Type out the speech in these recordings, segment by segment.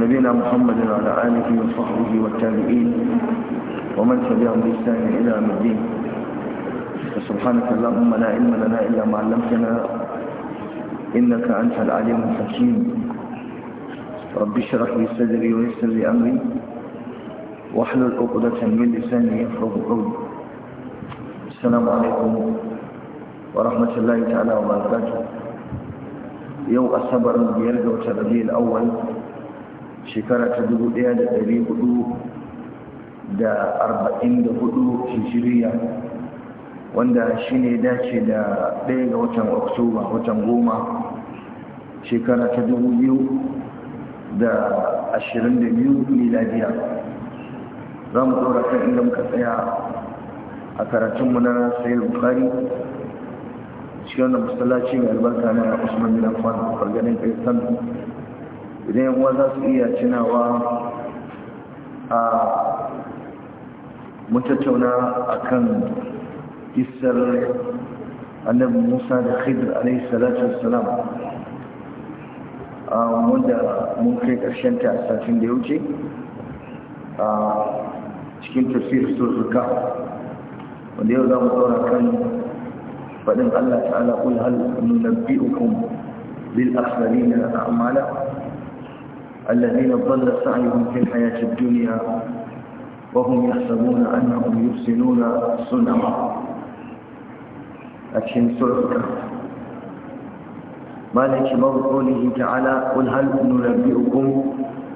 نبينا محمد وعلى آله وصحبه والتابعين ومن تبعهم بإحسان إلى يوم الدين فسبحانك اللهم لا علم لنا إلا ما علمتنا إنك أنت العليم الحكيم رب اشرح لي صدري ويسر لي أمري واحلل عقدة من لساني يفرغ قولي السلام عليكم ورحمة الله تعالى وبركاته يوم من بيرجع تبديل الأول shekara ta dubu ɗaya da ɗari hudu da arba'in da hudu wanda shi ne dace da ɗaya ga watan oktoba watan goma shekara ta dubu biyu da ashirin da biyu miladiya za mu tsora kan inda muka tsaya a karatunmu na sayar bukari cikin wanda musallaci mai albarka na usman bin affan farganin kai idan yawa za su iya cinawa a mutattauna akan isar annabi musa da khidr alaihi salatu wassalam wanda mun kai karshen ta satin da ya wuce cikin tafsir surruka wanda yau za mu tsora kan faɗin allah ta'ala kul nunabbi'ukum bil akhsarina a'mala الذين ضل سعيهم في الحياة الدنيا وهم يحسبون أنهم يحسنون صنعا أكشن سورة مالك باب قوله تعالى قل هل ننبئكم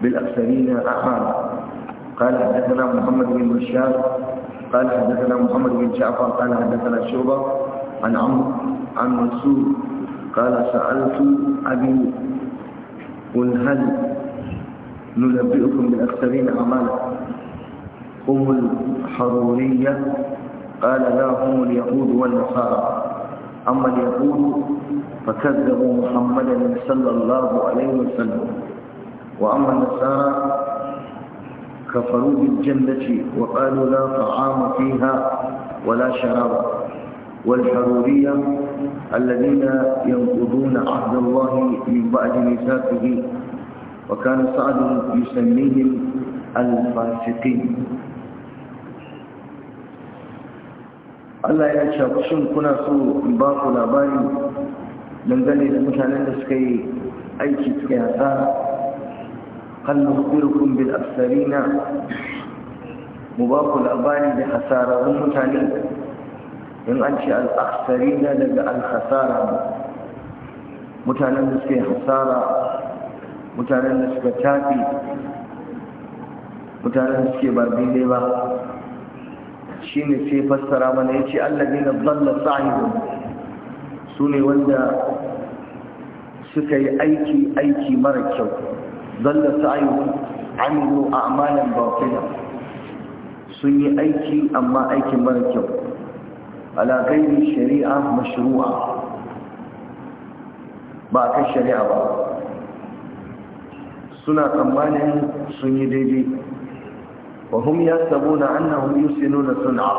بالأكثرين أعمالا قال حدثنا محمد بن بشار قال حدثنا محمد بن جعفر قال حدثنا شعبة عن عمرو عن منصور قال سألت أبي قل هل ننبئكم بالأكثرين أعمالا هم الحرورية قال لا هم اليهود والنصارى أما اليهود فكذبوا محمدا صلى الله عليه وسلم وأما النصارى كفروا بالجنة وقالوا لا طعام فيها ولا شراب والحرورية الذين ينقضون عهد الله من بعد ميثاقه وكان سعد يسميهم الفاسقين Allah ya shafi shin kuna so in ba ku labari dangane da mutanen da suka yi aiki suka yasa hal nukhbirukum bil aksarina mu ba ku labari da hasararrun mutane in an ce al aksarina daga al hasara mutanen da suka yi hasara mutanen da suka tafi mutanen da suke ba daidai ba shi ne sai fassara mana ya ce allabi na zalla sa'ihun su ne wanda suka yi aiki aiki mara kyau zalla sa'ihun amilu a amalin bafina sun yi aiki amma aikin mara kyau ala shari'a mashru'a ba a kan shari'a ba suna tsammanin sun yi daidai wa hum yasabuna annahum yusinuna sun'a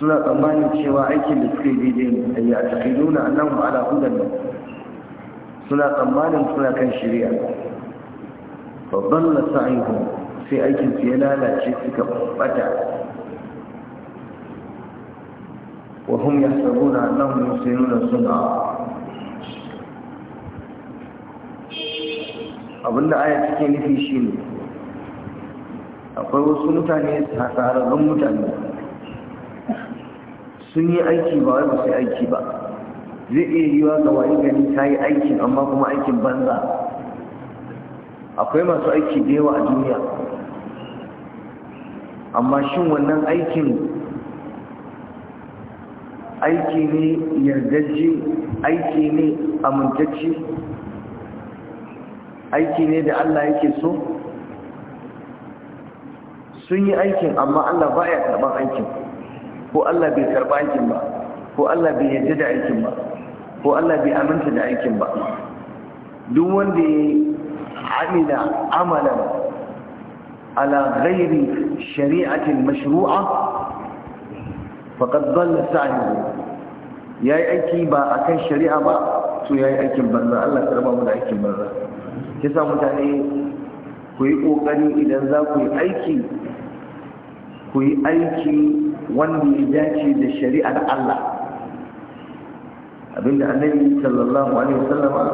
suna tsammanin cewa aikin da suka yi daidai ne yi a ayya taqiduna annahum ala hudan suna tsammanin suna kan shirya. Babban dalla sa'ihum sai aikin su ya lalace suka bata wa hum yasabuna annahum yusinuna sun'a abinda aya take nufi shine akwai wasu mutane hasararrun mutane sun yi aiki ba wai ba su aiki ba zai iya yiwa ga wayi gani ta yi aikin amma kuma aikin banza akwai masu aiki da yawa a duniya amma shin wannan aikin aiki ne yardajji aiki ne amintacci aiki ne da Allah yake so sun yi aikin amma Allah ba ya karɓar aikin ko Allah bai karɓa aikin ba ko Allah bai yarda da aikin ba ko Allah bai aminta da aikin ba duk wanda ya amina amalan ala ghairi shari'atin mashru'a faqad dhalla sa'yuhu ya yi aiki ba a kan shari'a ba to ya yi aikin banza Allah karba mu da aikin banza kisa mutane ku yi ƙoƙari idan za ku yi aiki ku yi aiki wanda ya dace da shari'ar Allah abinda annabi sallallahu alaihi wasallama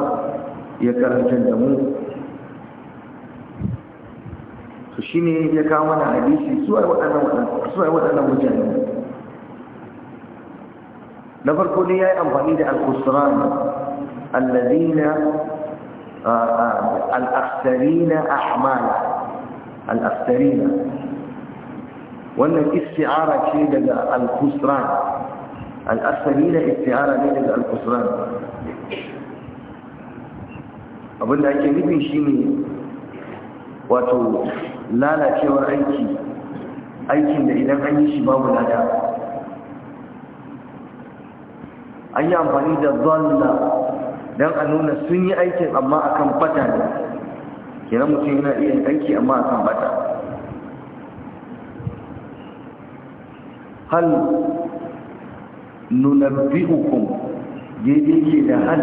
ya karanta da mu to shine ya kawo mana hadisi su ai waɗannan waɗannan su ai waɗannan mutane na farko ne ya yi amfani da al-qur'an alladhina al-aksarina ahmala al-aksarina wannan isti'ara ce daga al-khusran al-aksarina isti'ara ne daga al-khusran abinda ake nufin shine wato lalacewar aiki aikin da idan an yi shi babu lada an yi amfani da zalla don a nuna sun yi aikin amma akan bata ne kenan mutum yana iya aiki amma akan bata hal nunabbi'ukum daidai ke da hal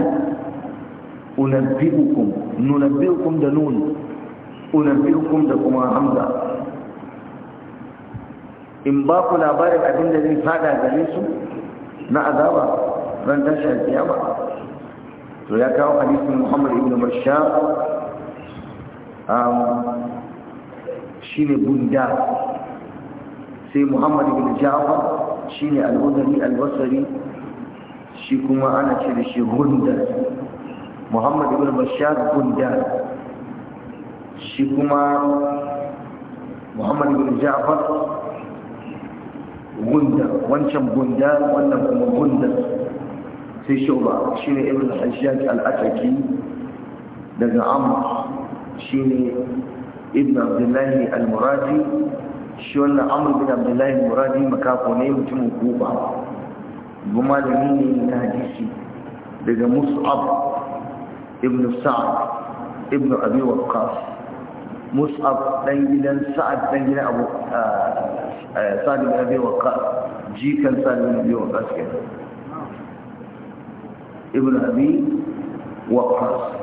unabbi'ukum nunabbi'ukum da nun unabbi'ukum da kuma hamza in ba ku labarin abin da zai fada gare su na azaba ran tashar kiyama to ya kawo hadisin muhammad ibn bashar um, shi ne bunda sai Muhammadu ibn jafar shi ne al'udari albasari shi kuma ana ce da shi gundar Muhammadu ibn bashar gundar shi kuma Muhammadu ibn jafar gundar wancan gundar wannan kuma gundar sai shuba shi ne ibn hajjaj al'ataki daga Amma, shi ne ibn abdullahi al-muradi shi wannan amur Ibn abdullahi al-muradi makafo ne mutumin kuba ba malami ne na hadisi daga mus'ab ibn sa'ad ibn abi waqqas mus'ab dan gidan sa'ad dan gidan abu ah, eh, sa'ad ibn abi waqqas jikan sa'ad ibn abi waqqas kenan ibn abi waqas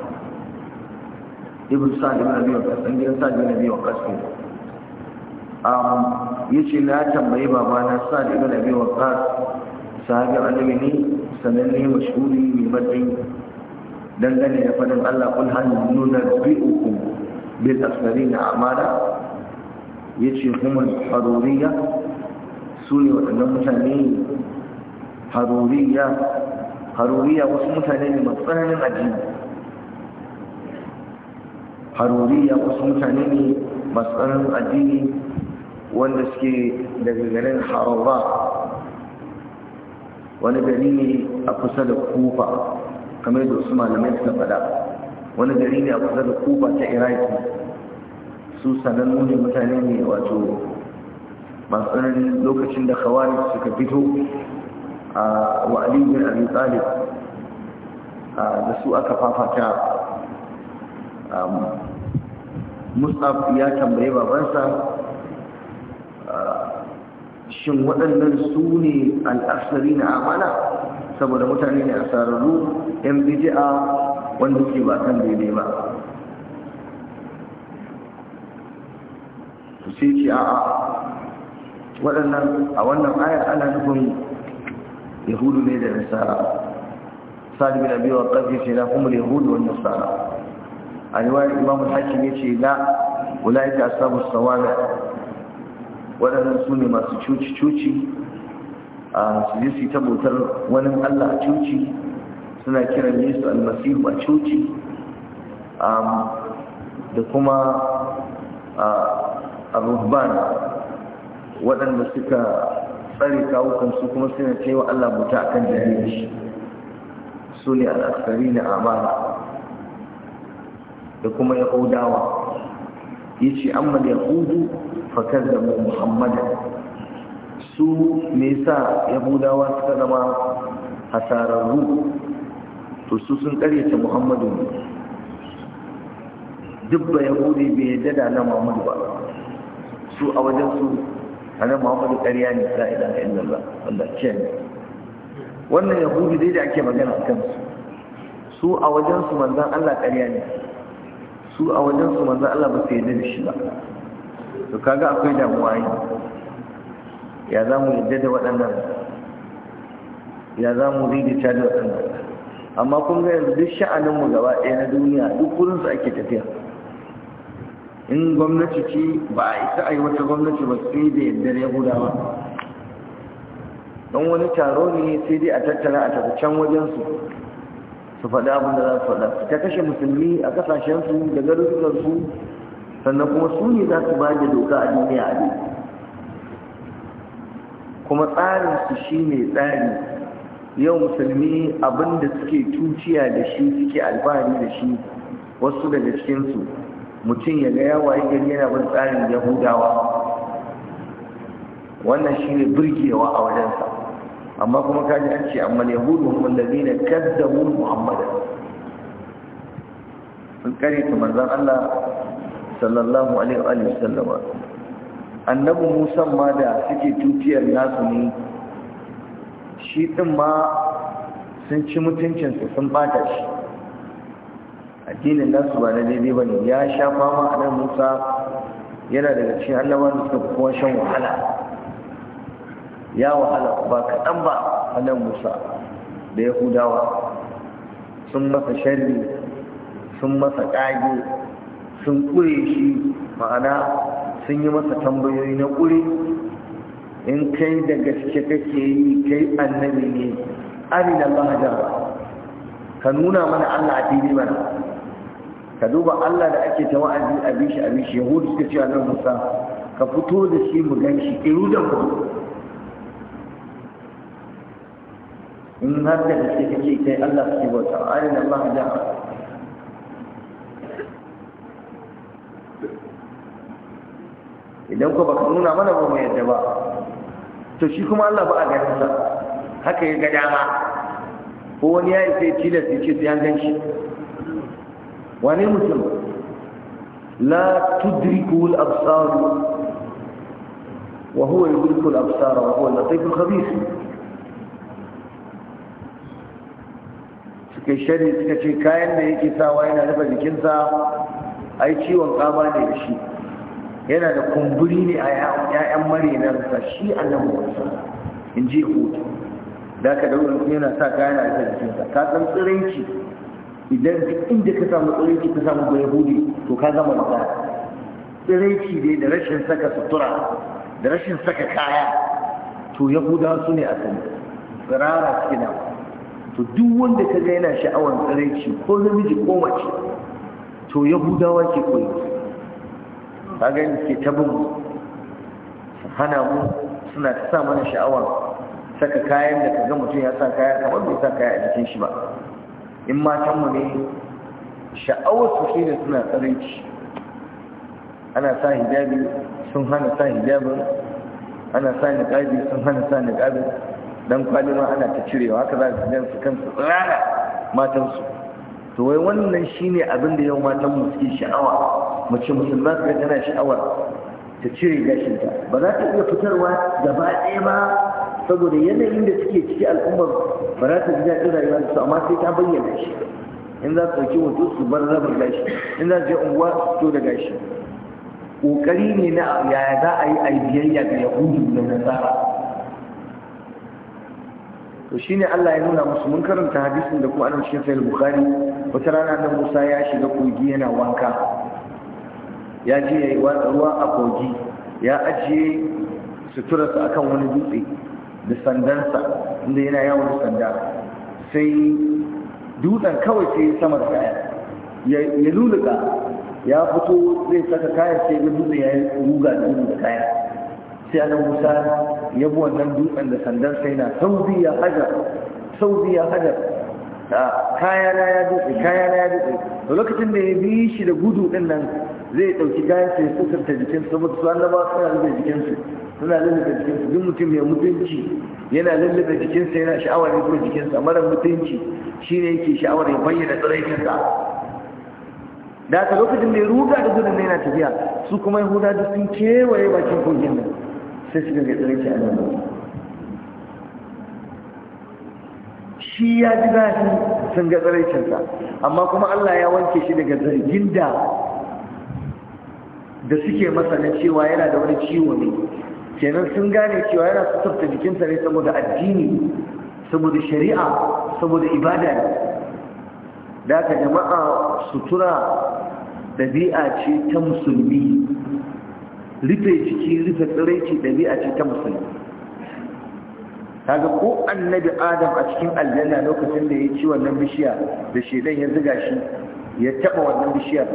ibn sa'd ibn abi waqas dan gidan sa'd ibn abi waqas ne um yace na tambayi babana sa'd ibn abi waqas sahabi annabi ne sananne mashhuri mai matsayi dangane na fadin Allah kul hal nunabbi'ukum bil asfarina amala yace humul haruriyya su ne waɗannan mutane haruriyya haruriya wasu mutane ne masu tsananin addini haruriya wasu mutane ne masu tsananin addini wanda suke daga garin harura wani gari ne a kusa da kufa kamar da wasu malamai suka faɗa wani gari ne a kusa da kufa ta iraki su sanannu ne mutane ne wato masu tsananin lokacin da kawai suka fito wa Ali bin Abi Talib da su aka fafata Mus'ab ya tambaye babansa shin waɗannan su ne al'asari na amana saboda mutane ne a sararru 'yan biji'a wanda ke ba kan daidai ba su sai ce a waɗannan a wannan ayar ana nufin yahudu ne da nasara sa'ad bin abi waqqas yace la yahudu wani nasara a riwayar imam al-hakim yace la ulaika ashabus sawala wadannan su ne masu cuci cuci a su yi ta bautar wani Allah a cuci suna kiran Yesu almasihu a cuci da kuma a ruhban waɗanda suka tsare kawukan su kuma suna cewa Allah mutu akan jahilin shi su ne al'asari na amara da kuma ya yahudawa ya ce an mada yahudu fakar da mu muhammadan su me sa yahudawa suka zama hasararru to su sun karyata muhammadu ne duk bayan hudu bai yadda da na muhammadu ba su a wajen su hannun muhammadu ƙarya ne la ilaha illallah Allah ce ne wannan yahudi dai da ake magana a kansu su a wajensu manzan Allah ƙarya ne su a wajensu manzan Allah ba su yarda da shi ba to kaga akwai damuwa yi ya za mu yadda da waɗannan ya za mu rigita da waɗannan amma kun ga yanzu duk sha'aninmu gaba ɗaya na duniya duk wurinsu ake tafiya in gwamnati ce ba a isa a yi wata gwamnati ba sai da yadda ya guda ba. don wani taro ne sai dai a tattara a tafi can wajensu su faɗa abin da za su faɗa su ta kashe musulmi a ƙasashensu da garuruwarsu sannan kuma su ne za su ba da doka a duniya a duk kuma tsarinsu shi ne tsari yau musulmi abin da suke tuciya da shi suke alfahari da shi wasu daga cikinsu mutum ya ga yawa gari yana bin tsarin yahudawa wannan shi ne birgewa a wajensa amma kuma kaji an ce amma yahudu hum allazina kazzabu muhammadan sun kare ta manzon Allah sallallahu alaihi wa sallama annabi Musa ma da suke tutiyar nasu ne shi ɗin ma sun ci mutuncinsa sun bata shi addinin nasu ba na daidai ba ne ya sha fama a nan musa yana daga cikin annaban da suka kuma shan wahala ya wahala ba kaɗan ba a nan musa da yahudawa sun masa sharri sun masa ƙage sun ƙure shi ma'ana sun yi masa tambayoyi na ƙure in kai da gaske kake yi kai annabi ne arina ba ka nuna mana allah a fili mana ka duba Allah da ake ta wa'azi a bishi a bishi yahudu suka ce nan musa ka fito da shi mu gan shi iru da ku in har da gaske kake kai Allah su suke bauta ayin Allah da idan ko baka nuna mana ba mu yadda ba to shi kuma Allah ba a ganin sa haka ya ga dama ko wani ya yi sai tilasta ya ce sai an gan shi wane mutum la tudrikul absar wa huwa yudrikul absar wa huwa latiful khabir suke shari suka ce kayan da yake sawa yana rufe jikinsa ai ciwon kama ne da shi yana da kumburi ne a ‘ya'yan marinarsa shi annan wasa in ji hutu da aka daular yana sa kayan a rufe jikinsa ka san tsiranci idan inda ka samu tsoriki ka samu ba yahudi to ka gama magana tsoriki ne da rashin saka sutura da rashin saka kaya to yahudawa su ne a kan tsirara suke nan to duk wanda ka ga yana sha'awar tsoriki ko namiji ko mace to yahudawa ke koyi ka gani ke tabin hana mu suna ta sa mana sha'awar saka kayan da ka ga mutum ya sa kaya kamar bai sa kaya a jikin shi ba in matanmu ne sha'awarsu shi ne suna tsarinci ana sa hijabi sun hana sa hijabin ana sa niƙabi sun hana sa niƙabin don kwalima ana ta cirewa haka za su jan su kansu tsirara matansu to wai wannan shi ne abin da yau matanmu suke sha'awa mace musulma su tana sha'awar ta cire gashinta ba za ta iya fitarwa gaba ɗaya ba saboda yanayin da suke ciki al'ummar ba za ta ji daɗin da su amma sai ta bayyana shi in za su ɗauki hoto su bar rabin gashi in za su je unguwa su da gashi ƙoƙari ne na yaya za a yi a biyayya ga yahudu da nasara to shine Allah ya nuna musu mun karanta hadisin da kuma anan cikin sahih bukhari wata rana da Musa ya shiga kogi yana wanka ya je yayi ruwa a kogi ya ajiye suturarsa akan wani dutse da sandansa inda yana yawon sanda sai dutsen kawai sai sama da ya luluka ya fito zai saka kayan sai ga dutsen ya ruga da gudu da kayan sai ana musa ya bi wannan dutsen da sandan sai na sauzi ya hajar sauzi ya hajar ah, kayana ya dutse kayana ya dutse lokacin da ya bi shi da gudu din nan zai ɗauki kayan sai sukarta jikin saboda su annaba suna rufe su suna lullube jikinsu duk mutum mai mutunci yana jikin jikinsa yana sha'awar ya jikin jikinsa mara mutunci shine yake sha'awar ya bayyana sa da aka lokacin da ya ruga da gudun yana tafiya su kuma yahuda duk sun kewaye bakin kogin nan sai su gaga tsaraikin a nan shi ya ji zafi sun ga sa amma kuma allah ya wanke shi daga zargin da da suke masa cewa yana da wani ciwo ne kenan sun gane cewa yana sassafta jikinsa ne saboda addini saboda shari'a saboda ibada ne da aka jama'a sutura ɗabi'a ce ta musulmi rufe jiki rufe tsiraici ɗabi'a ce ta musulmi kaga ko annabi adam a cikin aljanna lokacin da ya ci wannan bishiya da shedan ya ziga shi ya taba wannan bishiyar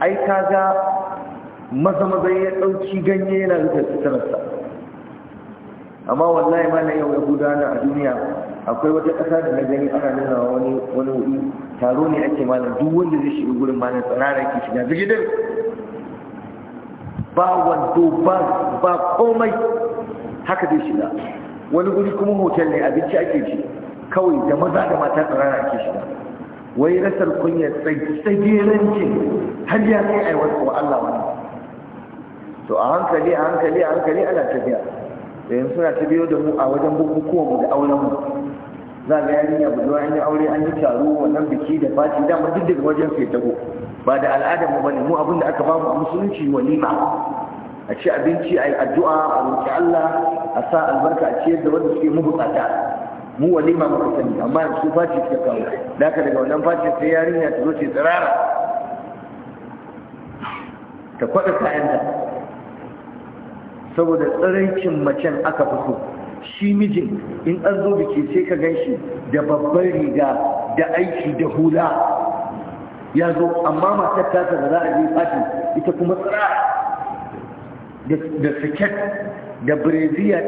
ai kaga maza maza ya ɗauki ganye yana rufe suturarsa amma wallahi ma na yau yahudawa a duniya akwai wata ƙasa da na gani ana nuna wani wani wuri taro ne ake malam duk wanda zai shiga gurin malam tsirara ke shiga gidan ba wando ba ba komai haka zai shiga wani guri kuma hotel ne abinci ake ci kawai da maza da mata tsirara ke shiga wai rasar kunya tsagerancin har ya kai aiwata wa Allah wani to a hankali a hankali a hankali ana tafiya da yanzu suna ta biyo da mu a wajen bukukuwan mu da auren mu za ga yarinya budurwa an yi aure an yi taro wannan biki da fati dama duk daga wajen sai tago ba da al'adar mu bane mu abin da aka bamu a musulunci walima a ci abinci a yi addu'a a roƙi Allah a sa albarka a ciyar da wanda suke buƙata. mu walima muka sani amma su fati suka kawo da haka daga wannan faci sai yarinya ta zo ce tsirara ta kwaɗa kayanta saboda tsiraicin macen aka fito shi mijin in an zo biki sai ka gan shi da babban riga da aiki da hula ya zo amma matar ta da za a je fashi ita kuma tsara. da siket da breziya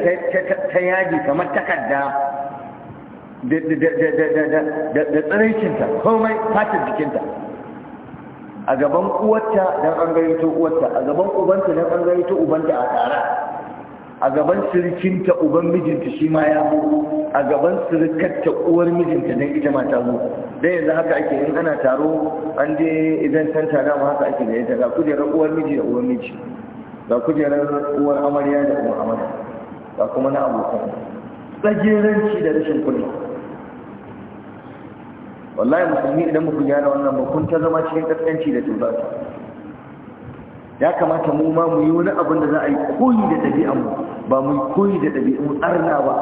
ta yaji kamar takarda da tsiraicinta komai fatar jikinta a gaban uwarta don an gayyato uwarta a gaban ubanta don an gayyato ubanta a tara a gaban sirikinta uban mijinta shi ma ya zo a gaban sirikarta uwar mijinta don ita ma ta zo don yanzu haka ake in ana taro an je idan san tara ma haka ake da ita ga kujerar uwar miji da uwar miji ga kujerar uwar amarya da uwar amarya ga kuma na abokan tsageranci da rashin kunya wallahi musulmi idan muku gyara wannan ba kun ta zama cikin kaskanci da tuzarta ya kamata mu ma mu yi wani abin da za a yi koyi da mu, ba mu koyi da ɗabi'un arna ba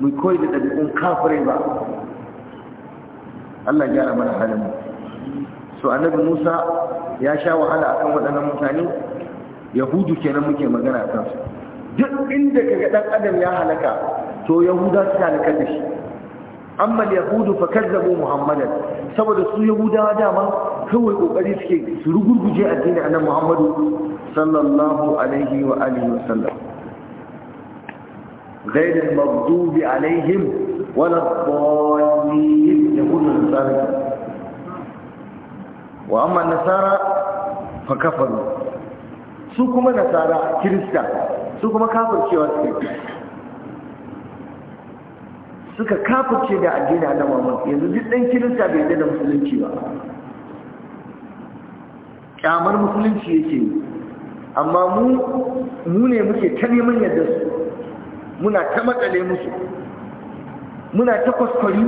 mu koyi da ɗabi'un kafirai ba Allah gyara mana halin mu so annabi Musa ya sha wahala akan waɗannan mutane yahudu kenan muke magana a kansu duk inda kaga dan adam ya halaka to yahuda su halaka da shi amma yahudu fa kazzabu muhammadan saboda su yahudawa dama kawai kokari suke su rugurguje addini annabi muhammadu sallallahu alaihi wa alihi wa sallam غير المغضوب عليهم ولا الضالين يقول النصارى واما النصارى فكفروا su kuma nasara kirista su kuma kafircewa suke suka kafirce da addini na mamun yanzu duk dan kirista bai da musulunci ba Ƙyamar musulunci yake amma mu mu ne muke ta neman yadda su muna ta matsale musu muna ta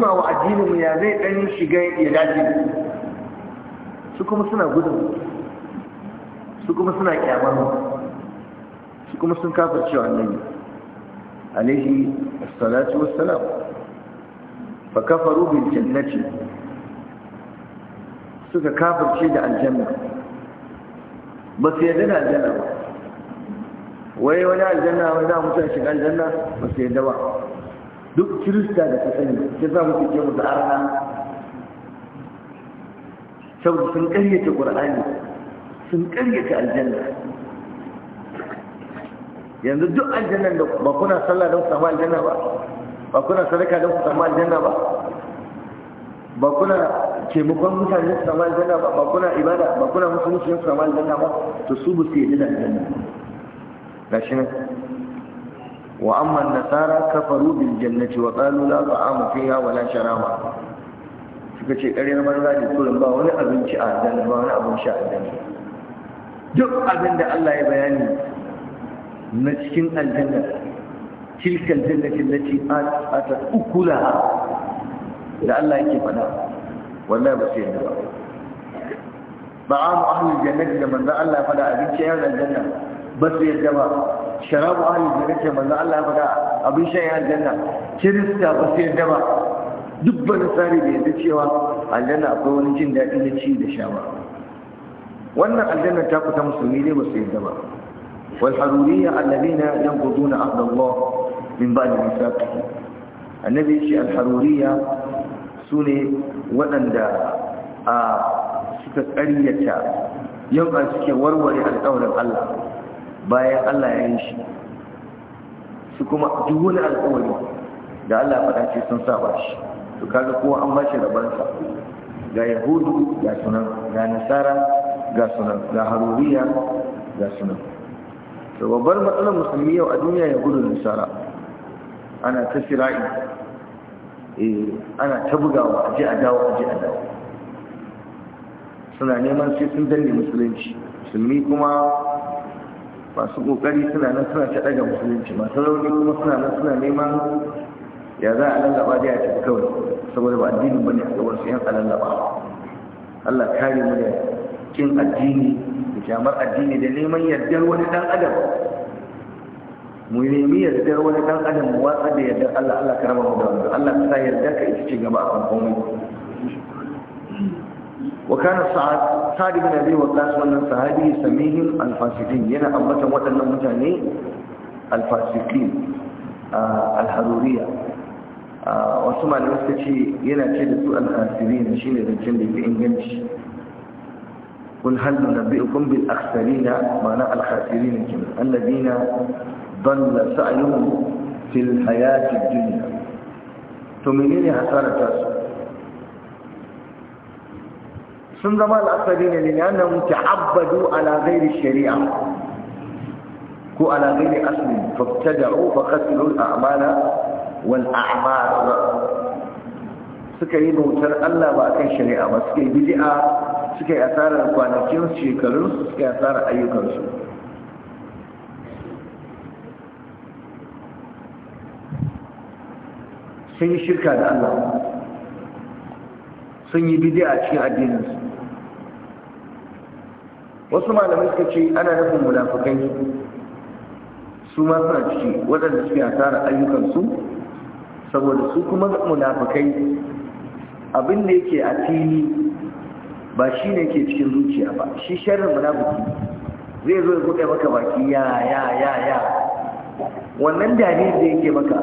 ma wa addinin mu ya zai dan shiga ya dace su kuma suna gudun su kuma suna kyamar mu su kuma sun kafirce wa annabi alaihi salatu wassalam fa kafaru bil jannati suka kafirce da aljanna ba su yarda da aljanna ba wai wani aljanna wani za mutane shiga aljanna ba su yarda ba duk kirista da ta sani ya za mu fike mu da arna saboda sun karyata ƙur'ani sun karyata aljanna yanzu duk aljanna da ba kuna sallah don samu aljanna ba ba kuna sadaka don ku samu aljanna ba ba kuna taimakon mutane su samu aljanna ba ba kuna ibada ba kuna musulunci su samu aljanna ba to su ba su yi da aljanna gashi nan wa amma nasara kafaru bil jannati wa qalu la ta'ama fiha wa la sharaba suka ce ƙarya na banza ne kullum ba wani abinci a aljanna ba wani abin sha aljanna duk abin da Allah ya bayani na cikin aljanna ba الجنة yadda ba? أكلها لعل يكي فلا ولا بسير دبا طعام أهل الجنة لمن ذا ba فلا yadda ba. الجنة بسير دبا شراب أهل الجنة لمن ذا الله فلا أبين Kirista ba كرسة yadda ba. duk wani tsari da yadda cewa aljanna akwai wani jin daɗi na ci da sha ba wannan aljanna ta fita musulmi ne ba su yadda ba wal haruriya alladina yanquduna ahd min ba da annabi shi alharuriya su ne waɗanda a suka ƙaryata yawan suke warware alƙawarin Allah bayan Allah ya yi shi su kuma duk alƙawari da Allah faɗa ce sun saba shi to kaga kowa an bashi rabarsa ga yahudu ga sunan ga nasara ga sunan ga haruriya ga sunan to babbar matsalar musulmi yau a duniya ya gudu nasara ana ta sira'i eh, ana ta bugawa a ji a dawo a ji a dawo suna neman sai sun danne musulunci musulmi kuma masu kokari suna nan suna ta daga musulunci masu rauni kuma suna nan suna neman ya za a lallaba da ya tafi kawai saboda ba addinin bane a gaban su yan a lallaba Allah kare mu da kin addini da kyamar addini da neman yardar wani dan adam mu yi nemi yardar wani dan adam mu watsa da yadda Allah Allah ka raba mu da wanda Allah ka sa yarda ka ita ce gaba a komai wa kana sa'ad sa'ad ibn abi waqas wannan sahabi samihim al-fasiqin yana ambatan waɗannan mutane al-fasiqin al-haruriya wasu malamai suka ce yana ce da su al-khasirin shine zancen da yake inganci قل هل ننبئكم بالأخسرين معنى الخاسرين الذين ضل سعيهم في الحياة الدنيا تمنيني حسارة sun zama al'asari ne liyanan ta'abbadu ala ghairi shari'a ko ala ghairi asli fabtada'u fa qatilu al'amala wal a'mar suka yi bautar Allah ba kan shari'a ba suka yi bid'a yi asarar kwanakin shekarun suka yi asarar ayyukansu sun yi shirka da Allah sun yi a cikin addininsu wasu malamai suka ce ana nufin munafukai su ma suna ciki waɗanda suke hasara ayyukansu saboda su kuma munafukai abin da yake a fili ba shi ne ke cikin zuciya ba shi sharrin munafuki zai zo ya buɗe maka baki ya ya ya ya wannan dalilin da yake maka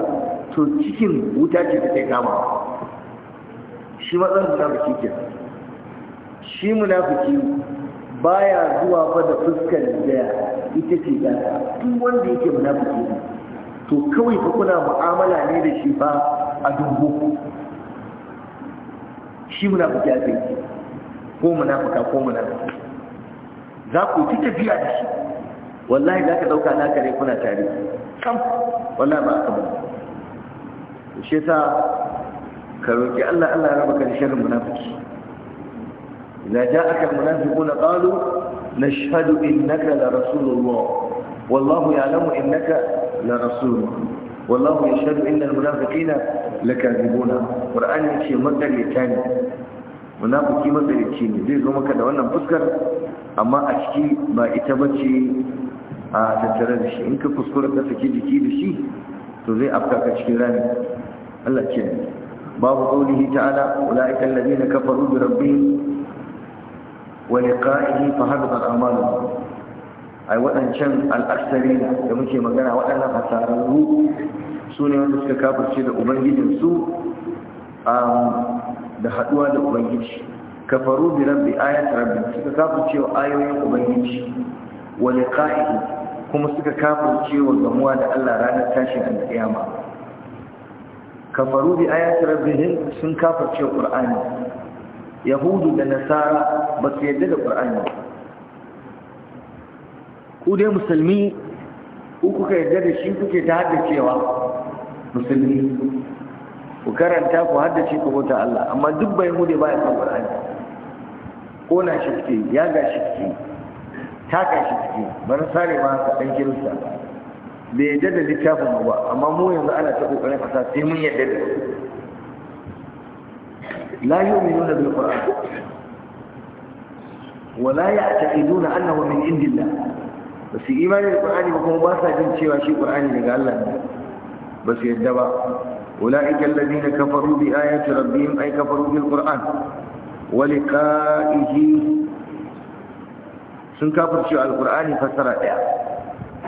to cikin wuta ce ta kai kama shi matsalar munafiki ke shi munafiki baya zuwa ba da fuskar da ita ce da duk wanda yake munafiki to kawai fa kuna mu'amala ne da shi ba a dubu shi munafiki ya sai ko munafika ko munafiki za ku ci tafiya da shi wallahi za ka dauka na kare kuna tare sam wallahi ba a ba shi ta ka roƙi Allah Allah ya raba ka da sharrin munafiki idza na almunafiquna qalu nashhadu innaka la rasulullah wallahu ya ya'lamu innaka la rasulullah wallahu ya yashhadu innal munafiqina lakazibuna qur'ani ce magarita ne munafiki magariti ne zai zo maka da wannan fuskar amma a ciki ba ita bace a tattare da shi in ka kuskura ka saki jiki da shi to zai afka ka cikin rani. Allah ce babu qawlihi ta'ala ulaika alladhina kafaru bi rabbihim wa liqa'ihi fa hadat a'maluhum ai wadancan al-aktharina da muke magana wadannan hasararru sune ne wanda suka kafirce da ubangijin su da haduwa da ubangiji kafaru bi rabbi ayat rabbi suka kafirce wa ayoyin ubangiji wa liqa'ihi kuma suka kafirce wa gamuwa da Allah ranar tashin alkiyama kafaru bi ayati rabbihim sun kafarce qur'ani yahudu da nasara ba su yadda da qur'ani ku dai musulmi ku kuka yadda da shi kuke ta haddacewa musulmi ku karanta ku haddace ku bauta Allah amma duk bai mu da baya san qur'ani kona shi ya ga shi ta taka shi kike bar sare ma ka dan kirista bai yadda da littafin mu ba amma mu yanzu ana ta kokarin fasa sai mun yadda da la yu'minuna bil qur'an wa la ya'taqiduna annahu min indillah ba su imani da qur'ani ba kuma ba sa jin cewa shi qur'ani daga Allah ne ba su yadda ba ulaika alladhina kafaru bi ayati rabbihim ay kafaru bil qur'an wa liqa'ihi sun kafirce alqur'ani fasara daya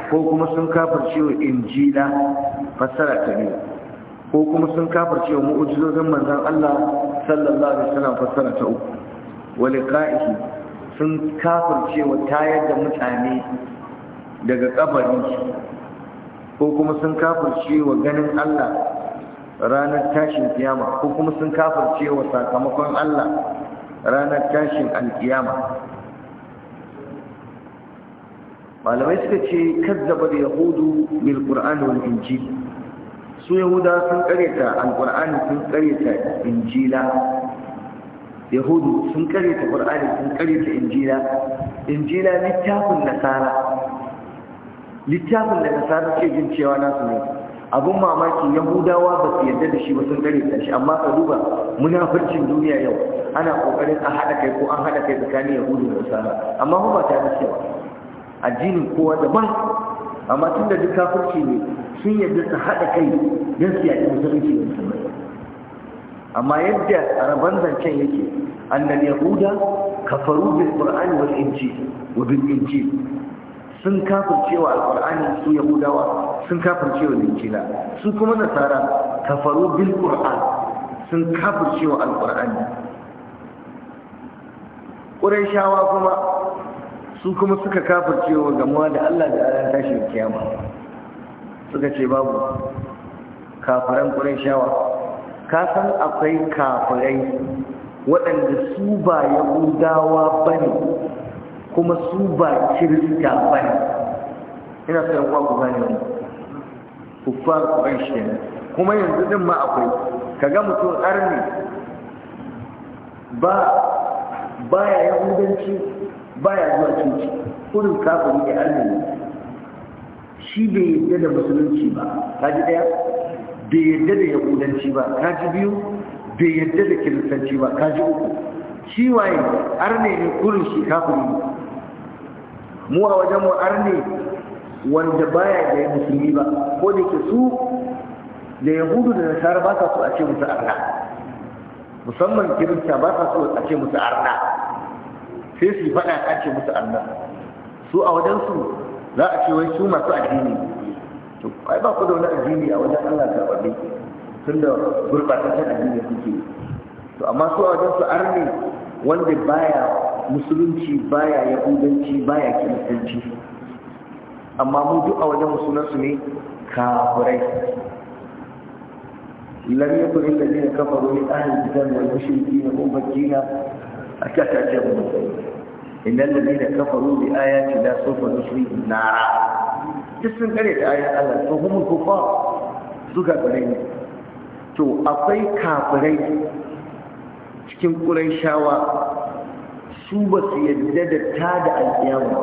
ko kuma sun kafar wa injila fassara ta biyu ko kuma sun kafar wa mu'ujizozin manzan Allah sallallahu alaihi wasallam fassara ta uku wani liqa'ihi sun kafar wa tayar da mutane daga kabari ko kuma sun kafar wa ganin Allah ranar tashin kiyama ko kuma sun kafirce wa sakamakon Allah ranar tashin alkiyama malamai suka ce kazzaba da yahudu bil qur'an wal injil su yahuda sun karyata alqur'ani sun karyata injila yahudu sun karyata qur'ani sun karyata injila injila littafin nasara littafin da nasara ke jin cewa nasu ne abun mamaki yahudawa ba su yarda da shi ba sun karyata shi amma ka duba munafurcin duniya yau ana kokarin a haɗa kai ko an haɗa kai tsakanin yahudu da nasara amma ba ta dace ba addinin kowa daban amma tun da duk kafirci ne sun yadda su haɗa kai don su yaƙi musulunci da musulmai amma yadda rabon zancen yake annan yahuda kafaru bil qur'ani wal injil wa bil injil sun kafircewa alqur'ani su yahudawa sun kafircewa injila su kuma nasara kafaru bil qur'an sun kafircewa alqur'ani qurayshawa kuma su kuma suka cewa gamuwa da Allah da ran tashin kiyama suka ce babu kafiran shawa. ka san akwai kafirai waɗanda su ba Yahudawa ne kuma su ba Kirista ne. ina son ku wani kufar ni shi ne. kuma yanzu din ma akwai ka ga mutum ƙarni ba baya yahudanci baya zuwa coci kurin kafin da armeni shi bai yadda da musulunci ba ji daya bai yadda da yahudanci ba ji biyu bai yadda da kiristanci ba ji uku shi waye ne kurin shi kafin mu a wajen mu arne wanda baya da musulmi ba ko da ke su da yahudu da nasara ba ka so a ce musu arna musamman kirista ba ka so a ce musu arna sai su faɗa a ce musu Allah su a wajensu za a ce wai su masu addini to ai ba ku da wani addini a wajen Allah karɓaɓɓe tun da gurɓataccen addini suke to amma su a wajensu arne wanda baya musulunci baya yahudanci baya kiristanci amma mu duk a wajen musulunsu ne kafirai lam yakun alladhina kafaru min ahli al-kitab wal mushrikeen ummatan a kasashen mu innal ladina kafaru bi ayati la sawfa nuslihim nara duk sun kare ta ayat Allah to humul kufar su kafirai ne to akwai kafirai cikin ƙurayshawa su ba su yadda da ta da alƙiyama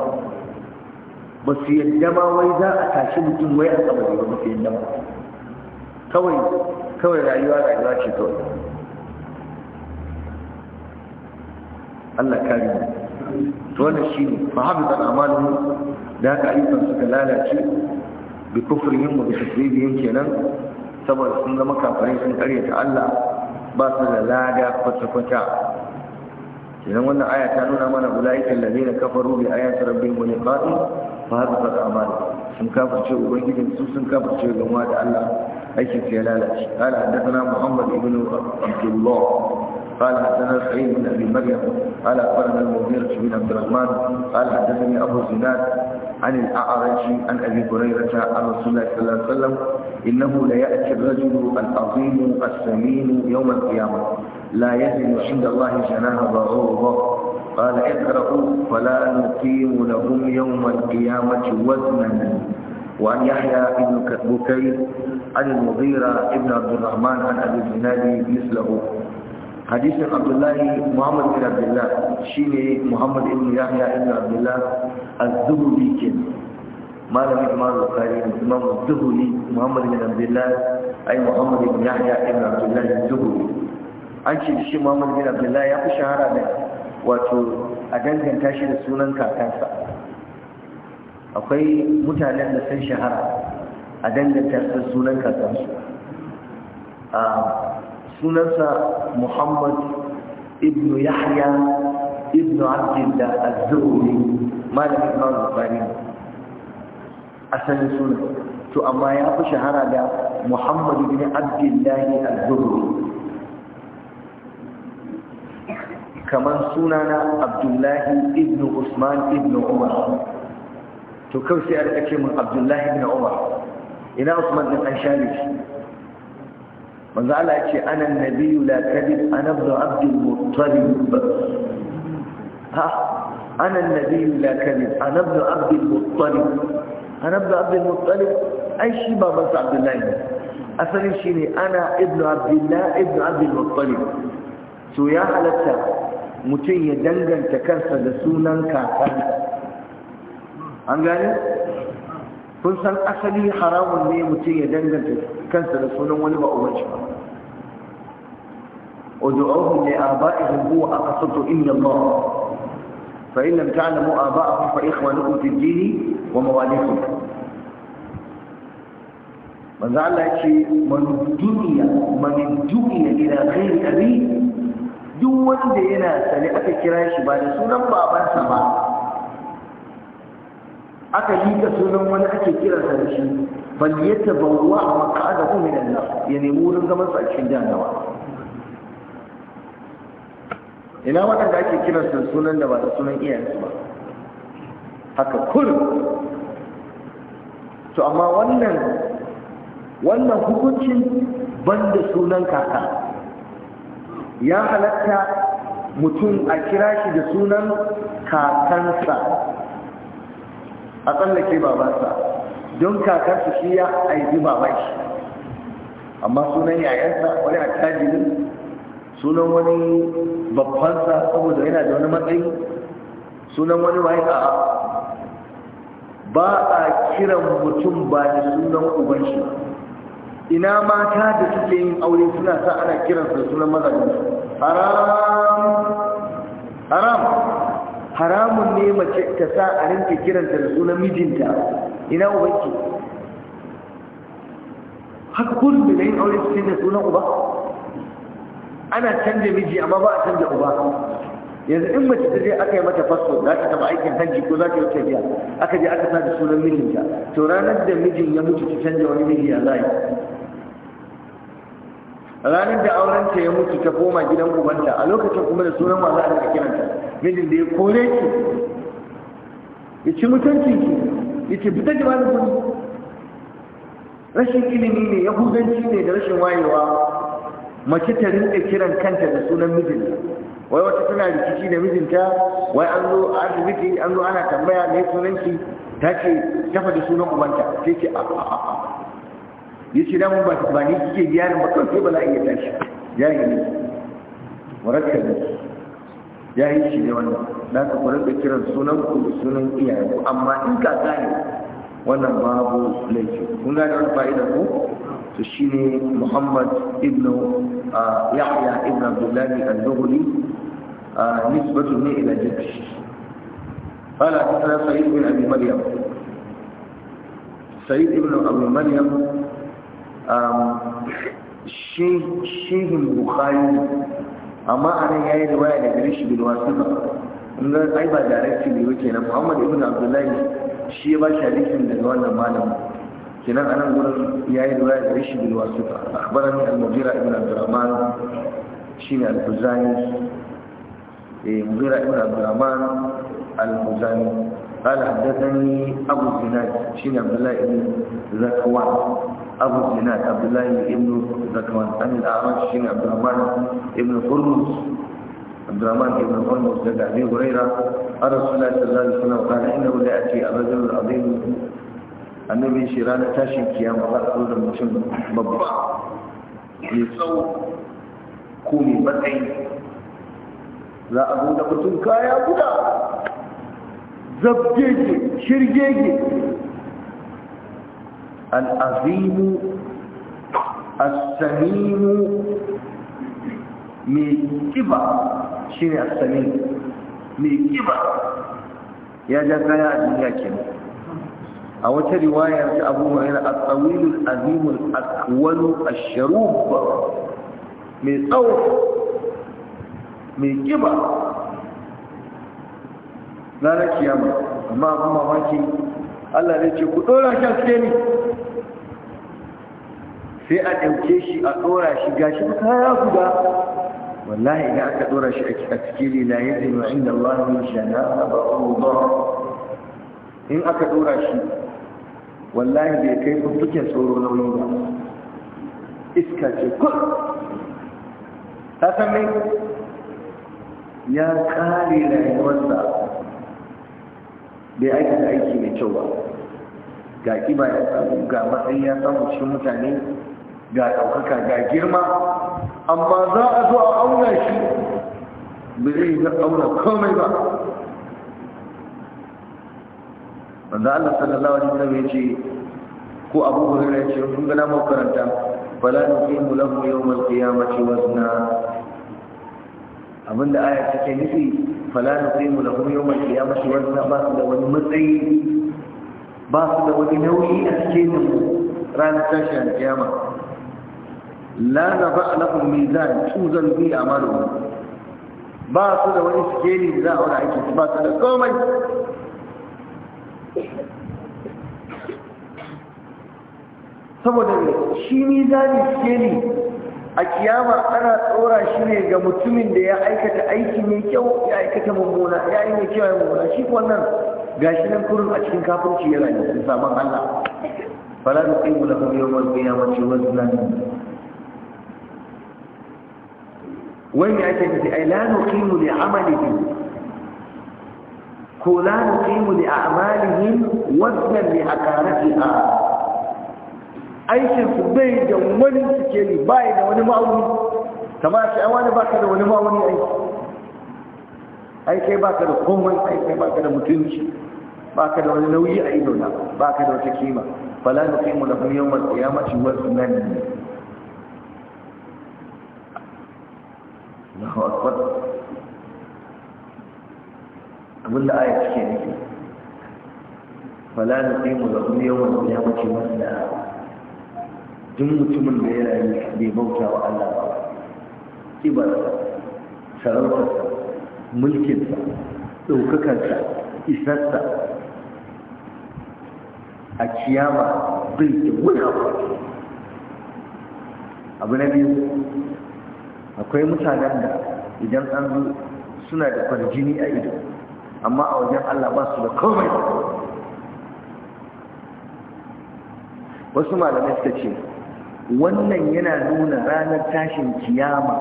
ba su yadda ma wai za a tashi mutum wai a kabari ba su yadda ba kawai kawai rayuwa rayuwa ce kawai Allah kare mu to wannan ne fa habita amalu da haka ayyukan suka lalace bi kufrihim wa bi tasdibihim kenan saboda sun zama kafirai sun karyata Allah ba su da lada kwata-kwata kenan wannan aya ta nuna mana ulaiikal ladina kafaru bi ayati rabbihim wa liqa'i fa habitat a'malu sun kafirce ubangijin su sun kafirce gama da Allah aikin sai lalace qala hadathana muhammad ibn abdullah قال حدثنا سعيد بن ابي مريم قال اخبرنا المغيرة بن عبد الرحمن قال حدثني ابو زناد عن الاعرج عن ابي هريره عن رسول الله صلى الله عليه وسلم انه لياتي الرجل العظيم السمين يوم القيامه لا يزن عند الله جناه بعوضه قال اقرأوا فلا نقيم لهم يوم القيامة وزنا وعن يحيى بن بكير عن المغيرة بن عبد الرحمن عن أبي الزناد مثله hadisin abdullahi muhammad bin abdullah shine muhammad ibn yahya ibn abdullah az-zuhri kin malamin imam bukhari imam az-zuhri muhammad bin abdullah ay muhammad ibn yahya ibn abdullah az-zuhri an ce shi muhammad bin abdullah ya fi shahara ne wato a danganta shi da sunan kakansa akwai mutanen da san shahara a danganta su sunan kakansu ah, sunansa muhammad ibn yahya ibn abdullah az-zuhri malamin imam bukhari asalin sunan to amma ya fi shahara da muhammad ibn abdullah az-zuhri kamar sunana abdullahi ibn usman ibn umar to kawai sai a rika ce min abdullahi ibn umar ina usman din an share manzo Allah ya ce ana nabiyyu la kadib ana ibn abdul muttalib ha ana nabiyyu la kadib ana ibn abdul muttalib ana ibn abdul muttalib ai shi baban sa abdullahi ne asalin shine ana Ibnu abdullah Ibnu abdul muttalib to ya halatta mutum ya danganta kansa da sunan kakansa an gane kun san asali haramun ne mutum ya danganta kansa da sunan wani ba uban ba ud'uhum li aba'ihim huwa aqsatu inda Allah fa in lam ta'lamu aba'ahum fa ikhwanukum fi ad-din wa mawalikum manzo ce man duniya man duniya ila ghairi abi duk wanda yana sane aka kira shi bada sunan babansa ba aka yi ka sunan wani ake kiransa da shi bal yatabawwa maq'adahu min an-nar ya nemi wurin zaman sa cikin jannawa ina wanda ake kiransa sunan da ba da sunan iyayensu ba haka kullum to amma wannan wannan hukuncin banda sunan kaka ya halatta mutum a kira shi da sunan kakansa a tsallake babansa don su shi ya aiki baban shi amma sunan yayansa wani tajiri sunan wani babbansa saboda yana da wani matsayi sunan wani wani a ba a kiran mutum ba da sunan uban shi ina mata da suke yin aure suna sa ana kiransa da sunan mazajen haram haram haramun ne mace ta sa a rinke kiranta da sunan mijinta ina ubanki haka kullum da yin aure cikin da sunan uba ana canza miji amma ba a canza uba yanzu in mace ta je aka yi mata fasto za ta taba aikin hajji ko za ta yi tafiya aka je aka sa da sunan mijinta to ranar da mijin ya mutu ta canza wani miji a zai ranar da auren ta ya mutu ta koma gidan ubanta a lokacin kuma da sunan wasa da kiranta mijin da ya kore ki ya ci mutuncin ki ya ce fitar da wani kuri rashin ilimi ne yahudanci ne da rashin wayewa mace ta rinka kiran kanta da sunan mijinta wai wata tana rikici da mijinta wai an zo a asibiti an zo ana tambaya ne sunan ki ta ce tafa da sunan ubanta sai ce a ya ce damun ba ba ne kike biyarin ba kawai ba za a iya tashi ya yi ne wararka ne ya yi shi ne wannan da ka kwarar da kiran sunan ku sunan iyayen ku amma in ka gane wannan babu laifi kun gane wani fa'idar ku to shi ne muhammad ibn yahya ibn abdullahi al-zuhri nisbatu ne ila jaddi قال حدثنا سعيد بن ابي مريم سعيد بن ابي مريم Um, shehin Buhari, amma a nan ya yi riwaya da gare shi bilwa sifa in ga ai ba darakti ne ba kenan muhammad ibn abdullahi shi ya ba shi hadisin daga wannan malamin kenan a nan gurin ya yi riwaya da gare shi bilwa sifa akhbarani al-mujira ibn abdurrahman ne al-buzani eh mujira ibn abdurrahman al-buzani قال حدثني ابو الزناد شين عبد الله بن ذكوان abu jina abdullahi ibnu zakman an al-arash shin abdurrahman ibnu hurmus abdurrahman ibnu hurmus daga abi hurayra arsala sallallahu alaihi wasallam qala innahu la'ati abadul azim annabi shirana tashin kiyama ba ko da mutum babba ne sau ko ne matsayi za a buɗe mutum kaya guda zabgege shirgege al'azimu as-samimu mai kiba shine as-samin kiba ya ja kaya a a wata riwayar ta Abu Hurairah at-tawilul azimul akwalu ash-sharub mai tsawo mai kiba ranar kiyama Allah zai ce ku sai a ɗauke shi a ɗora shi gashi ba kaya guda wallahi idan aka ɗora shi a cikin lila ya zai wa inda Allah min shana ba ba in aka ɗora shi wallahi bai kai fuffuken tsoro nauyi ba iska ce kul ta san mai ya kare rayuwarsa bai aikata aiki mai kyau ba ga kiba ya samu ga matsayin ya samu cikin mutane ga ɗaukaka ga girma amma za a zo a auna shi ba zai ga auna komai ba wanda Allah sallallahu alaihi wasallam ya ce ko Abu Hurairah ya ce kun ga namu karanta fala nuqimu lahu yawmal qiyamati wazna abinda aya take nufi fala yau lahu yawmal qiyamati wazna ba su da wani matsayi ba su da wani nauyi a cikin ranar tashin kiyama la naba lahum mizan tuzan a amalu ba su da wani sikeli za a wani aiki su ba su da komai saboda shi mizani sikeli a kiyama ana tsora shi ne ga mutumin da ya aikata aiki mai kyau ya aikata mummuna ya yi mai kyau ya mummuna shi wannan gashi nan kurin a cikin kafin kafirci yana da sabon Allah kuma nuqimu lahum yawmal qiyamati waznan Wani me ake nufi ai la nuqimu li amalihim ko lanu kimu ne a li a'malihim waznan li aqaratiha aikin su bai da wani sikeli bai da wani ma'auni kamar shi wani baka da wani ma'auni aiki Aikai baka da komai aikai baka da mutunci baka da wani nauyi a idona baka da wata kima fala nuqimu lahum yawmal qiyamati waznan Allahu akbar abin da aya take nufi fala nuqimu lahu yawmal qiyamati wazna duk mutumin da ya rayu bai bauta wa Allah ba kibarsa sarautarsa mulkinsa ɗaukakarsa isarsa a kiyama bai da wani abu na biyu akwai mutanen da idan an zo suna da farjini a ido amma a wajen Allah ba su da komai wasu malamai suka ce wannan yana nuna ranar tashin kiyama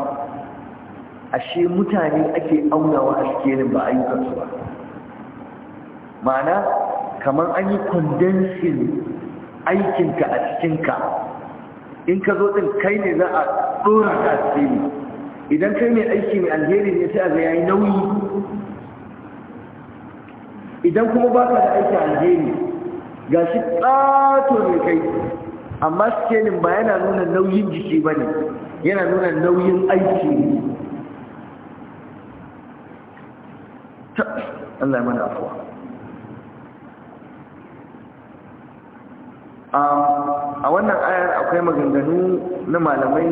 ashe mutane ake aunawa a cikin ba ayyukansu ba ma'ana kamar an yi kondensin aikinka a cikinka in ka zo ɗin kai ne za a ɗora ka a idan kai mai aiki mai alheri ne sai a ga yayi nauyi idan kuma baka da aiki alheri gashi tsato ne kai amma scaling ba yana nuna nauyin jiki ba ne yana nuna nauyin aiki ne Allah mana afuwa a wannan ayar akwai maganganu na malamai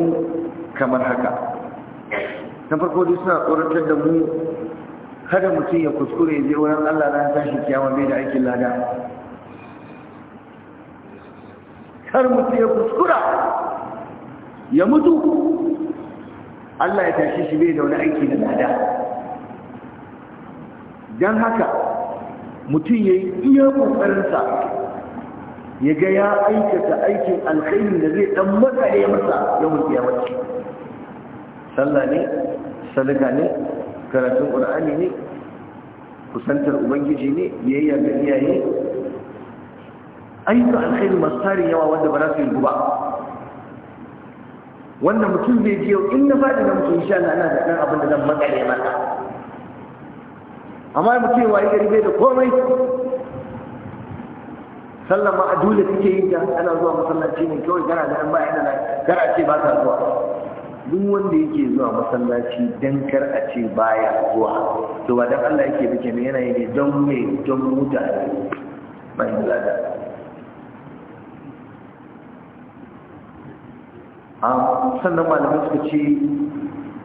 kamar haka na farko dai suna tsoratar da mu kada mutum ya kuskure ya je wurin Allah ran tashi kiyama bai da aikin lada kar mutum ya kuskura ya mutu Allah ya tashi shi bai da wani aiki da lada don haka mutum ya yi iya ƙoƙarinsa ya ga ya aikata aikin alkhairi da zai ɗan matsare masa yawon kiyamata sallah ne sadaka ne karatun ƙur'ani ne kusantar ubangiji ne yayya ga iyaye ayyuka alkhairi masu tarin yawa wanda ba za su yi ba wanda mutum zai ji yau in na faɗi na mutum insha Allah ana da ɗan abin da zan makale maka amma mutum wayi gari bai da komai sallah ma a dole kake yin ta ana zuwa masallaci ne kawai gara da an ba ina gara ce ba ta zuwa duk wanda yake zuwa masallaci dan kar a ce baya zuwa to ba dan Allah yake bike ne yana yi don me don mutane bai lada a ah, sannan malamai suka ce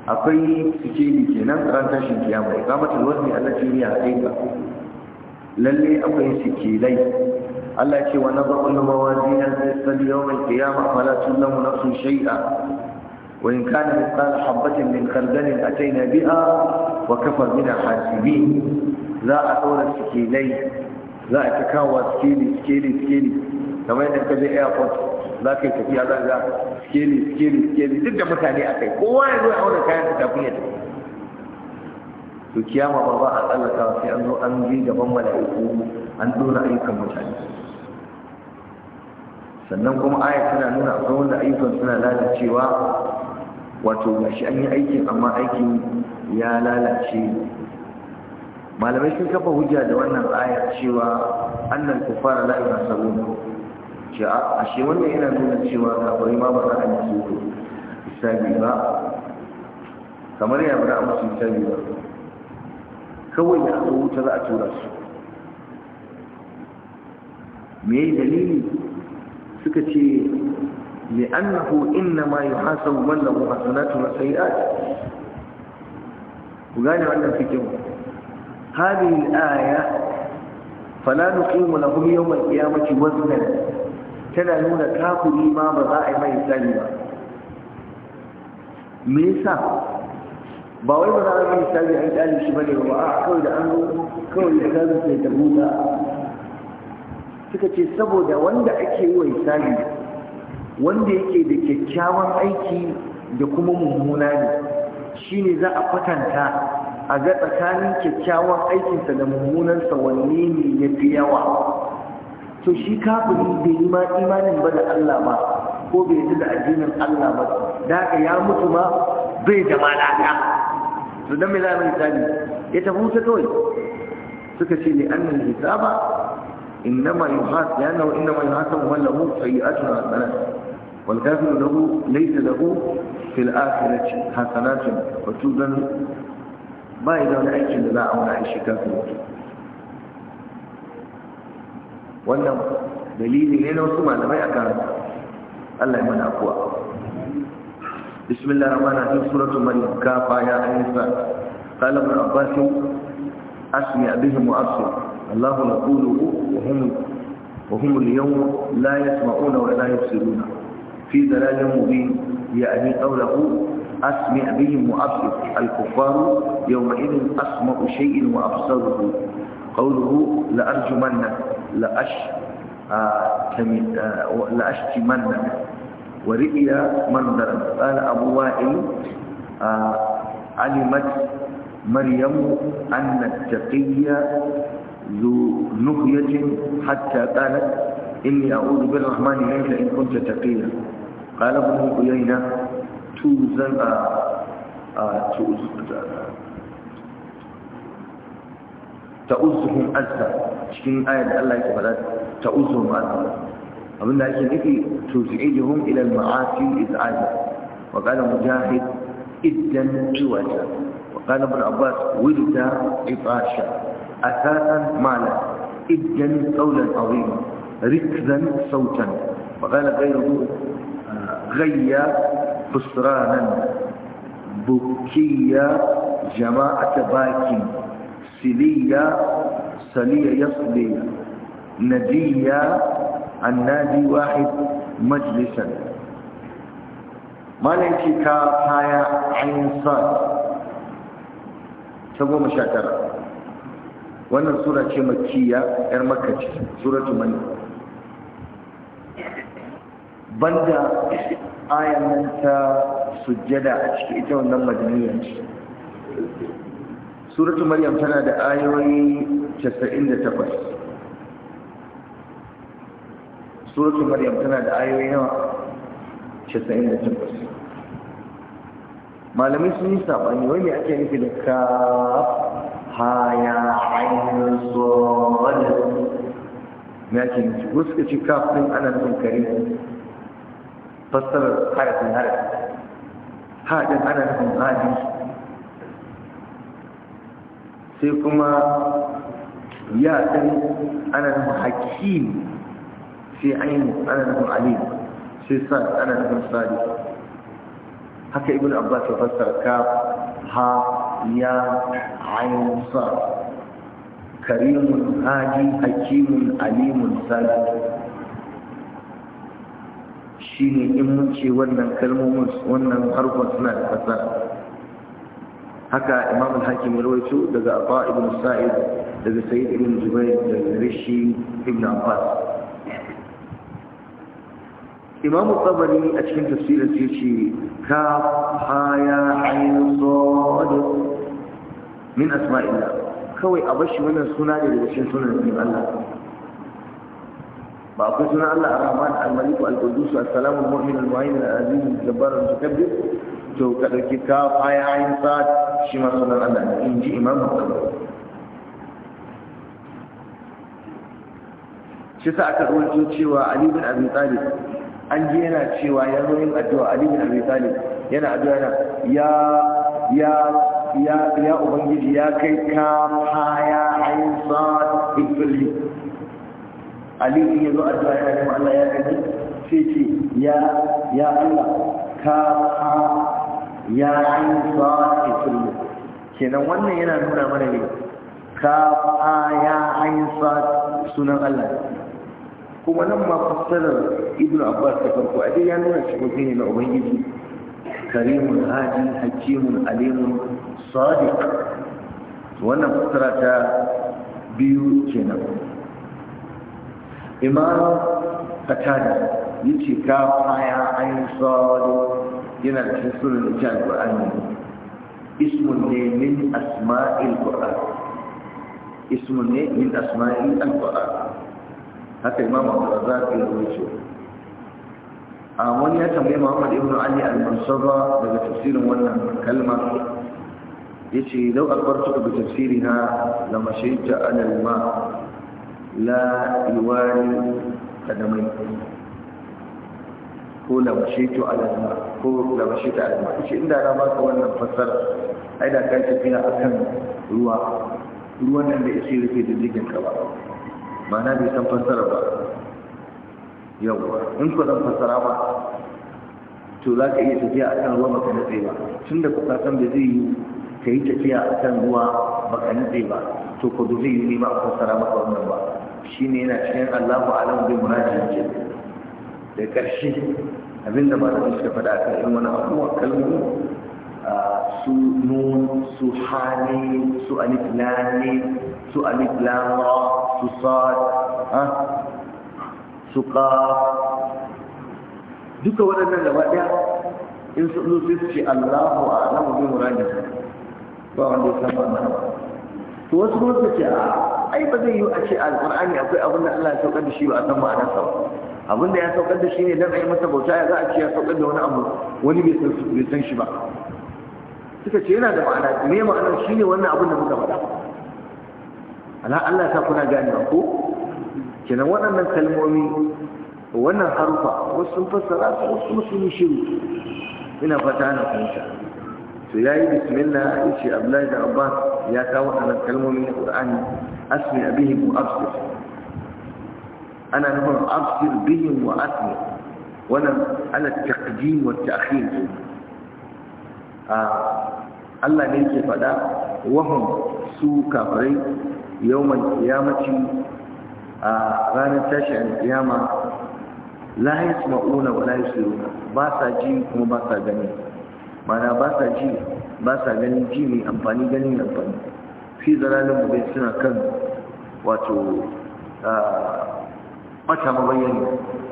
akwai suke sikeli kenan ran shi kiyama ya kama talwar ne Allah ce ya haƙiƙa lalle akwai dai. Allah ce wa nazaru al-mawazin al-qist mai yawm al-qiyamah lamu na sun shay'a وإن كان مثقال حبة من خردل أتينا بها وكفى بنا حاسبين لا أطول السكيلي لا أتكاوى سكيلي سكيلي سكيلي كما يدك زي ايربورت za ka yi tafiya za ga skeli skeli skeli duk da mutane a kai kowa ya zo aure kayan ta kafin kiyama ba ba a tsallaka sai an zo an an ayyukan mutane sannan kuma aya tana nuna akwai wanda ayyukan suna lalacewa wato gashi an yi aikin amma aikin ya lalace malamai sun kafa hujja da wannan ayar cewa annal kufara la yasabuna ce a shi wannan yana nuna cewa kafari ma ba za a yi su ba kamar ya ba za musu ba kawai da aka wuta za a tura su me dalili suka ce لأنه إنما يحاسب من له حسنات وسيئات وقال عندنا في كم هذه الآية فلا نقيم لهم يوم القيامة وزنا تنالون كافر ما بضائع ما يسالي me yasa ba wai ba za a yi misali an kyale shi bane ba a kawai da an kawai da kazu suka ce saboda wanda ake yi wa wanda yake da kyakkyawan aiki da kuma mummuna ne shi ne za a kwatanta a ga tsakanin kyakkyawan aikinsa da mummunansa wanne ne ya fi yawa to shi kafiri bai yi ma imanin ba da Allah ba ko bai yi da addinin Allah ba da haka ya mutu ma bai da malaka to dan me za mu tsani ya tafi wuta kawai suka ce li annal hisaba innama yuhas yana wa innama yuhasabu man lahu sayi'atun hasanat والكافر له ليس له في الآخرة حسنات وتوبا ما إذا نعيش يعيش لا أو لا يعيش كافر وأن دليل لنا وسمع لما يكان الله من أقوى بسم الله الرحمن الرحيم سورة من كافا آية يا عيسى قال ابن عباس أسمع بهم وأبصر الله يقوله وهم وهم اليوم لا يسمعون ولا يبصرون في دلال مبين يعني قوله أسمع بهم وأبصر الكفار يومئذ أسمع شيء وأبصره قوله لأرجمن لأش آه، آه، لأشتمن ورئي منظرا قال أبو وائل آه، علمت مريم أن التقي ذو نهية حتى قالت إني أعوذ بالرحمن منك إن كنت تقيا قال ابن قيينة توزن آه، آه، تؤذهم أزا تكين آية الله يتفعل تؤذهم أزا أبن الله يتفعل توزعيهم إلى المعاصي إزعاجا وقال مجاهد إدا جوزا وقال ابن عباس ولد عطاشا أثاثا مالا إدا قولا عظيما ركزا صوتا وقال غيره غيا خسرانا بكيا جماعة باكين سليا سليا يصلي نجيا النادي واحد مجلسا مالك كافايا عين صاد تبو مشاكرة wannan sura ce makkiya yar makka ce suratu maryam banda ayan sujjada a cikin ita wannan majaliya ce suratul maryam tana da ayoyi 98 suratul maryam tana da ayoyi nawa 98 malamai sun yi sabani wani ake nufi da ka haya ainihin tsoron me ake nufi wasu ka ce kafin ana nufin kare fassarar harafin harafi haɗin ana nufin hadi sai kuma ya ɗin ana nufin hakim sai ainihin ana nufin alim sai sa ana nufin sadi haka ibn abbas ya fassara ka ha ya ainihin sa karimun hadi hakimun alimun sadi shine in mun ce wannan kalmomin wannan harkon suna da fasara haka imam al-hakim ya rawaito daga Abba ibn Sa'id daga Sa'id ibn Jubair daga Rishi ibn Abbas imam al-Tabari a cikin tafsirin sai ce ka haya ayin sad min asma'illah kawai a bashi wannan suna da daga cikin sunan Allah ba akwai Allah ar-Rahman al-Malik al-Qudus as-Salam al-Mu'min al-Mu'ayyin al-Aziz al-Jabbar al-Mutakabbir to ka dauki ka aya ayin sa shi ma sunan Allah ne in ji Imam shi sa aka rawaito cewa Ali bin Abi Talib an ji yana cewa ya zo yin addu'a Ali bin Abi Talib yana addu'a yana ya ya ya ya ubangiji ya kai ka faya ayin sa iblis ali in yazo addu'a da kuma Allah ya gani, sai ce ya ya Allah ka ha ya ain sa'i kullu kenan wannan yana nuna mana ne ka ha ya ain sa sunan Allah kuma nan ma fassarar ibnu abbas ta farko a ya nuna shi ne na ubangiji karimun hadi hakimun alimun sadiq wannan fassara ta biyu kenan imam qatada ce ka faya ayin sadu yana cikin sunan jan ne. ismun ne min asma'il qur'an ismun ne min asma'il qur'an haka imam abdurrazzaq ya rubuce a wani ya tambayi muhammad ibn ali al-mansaba daga tafsirin wannan kalma Ya ce yace law akbartuka bi tafsiri na ala al-ma' la yuwani kadamai ko labashaitu alama ko labashaitu alama shi inda na baka wannan fassara ai da kai tafiya akan ruwa ruwan nan da yake rufe diddigin ka ba ma'ana bai san fassara ba yawa in ku zan fassara ba to za ka iya tafiya akan ruwa baka nutse ba tunda ku ka san da zai yi ka yi tafiya akan ruwa baka nutse ba to ko zai yi ne ba a fassara maka wannan ba shine yana cikin Allahu alam bi muraji ke da karshe abinda ba da suka faɗa a kan wani abubuwa kalmomi su nun su hani su alif lam su alif lam su sad su qaf duka waɗannan gaba ɗaya in su zo sai su ce Allahu a'lamu bi muradihi ba wanda ya san ba to wasu kuma su ce a ai ba zai yi a ce alqur'ani akwai abin da Allah ya saukar da shi ba a san ma'anar sa abin da ya saukar da shi ne dan ayi masa bauta ya za a ce ya saukar da wani abu wani bai san bai san shi ba suka ce yana da ma'ana me ma'ana shi ne wannan abin da muka faɗa ala Allah ta kuna ba ko kenan waɗannan kalmomi wannan harufa wasu sun fassara su wasu sun yi shiru ina fata na fahimta to yayi bismillah ya ce Abdullahi da Abbas ya kawo waɗannan kalmomi na ƙur'ani asmi abihim wa absir ana nufin absir bihim wa asmi wannan ala taqdim wa ta'khir Allah ne yake faɗa wahum su kafirai yawmal qiyamati a ranar tashin kiyama la yasma'una wa la yusiruna ba sa ji kuma ba sa gani mana ba sa ji ba sa ganin ji mai amfani ganin amfani fi zalalin mu suna kan wato mata mabayyani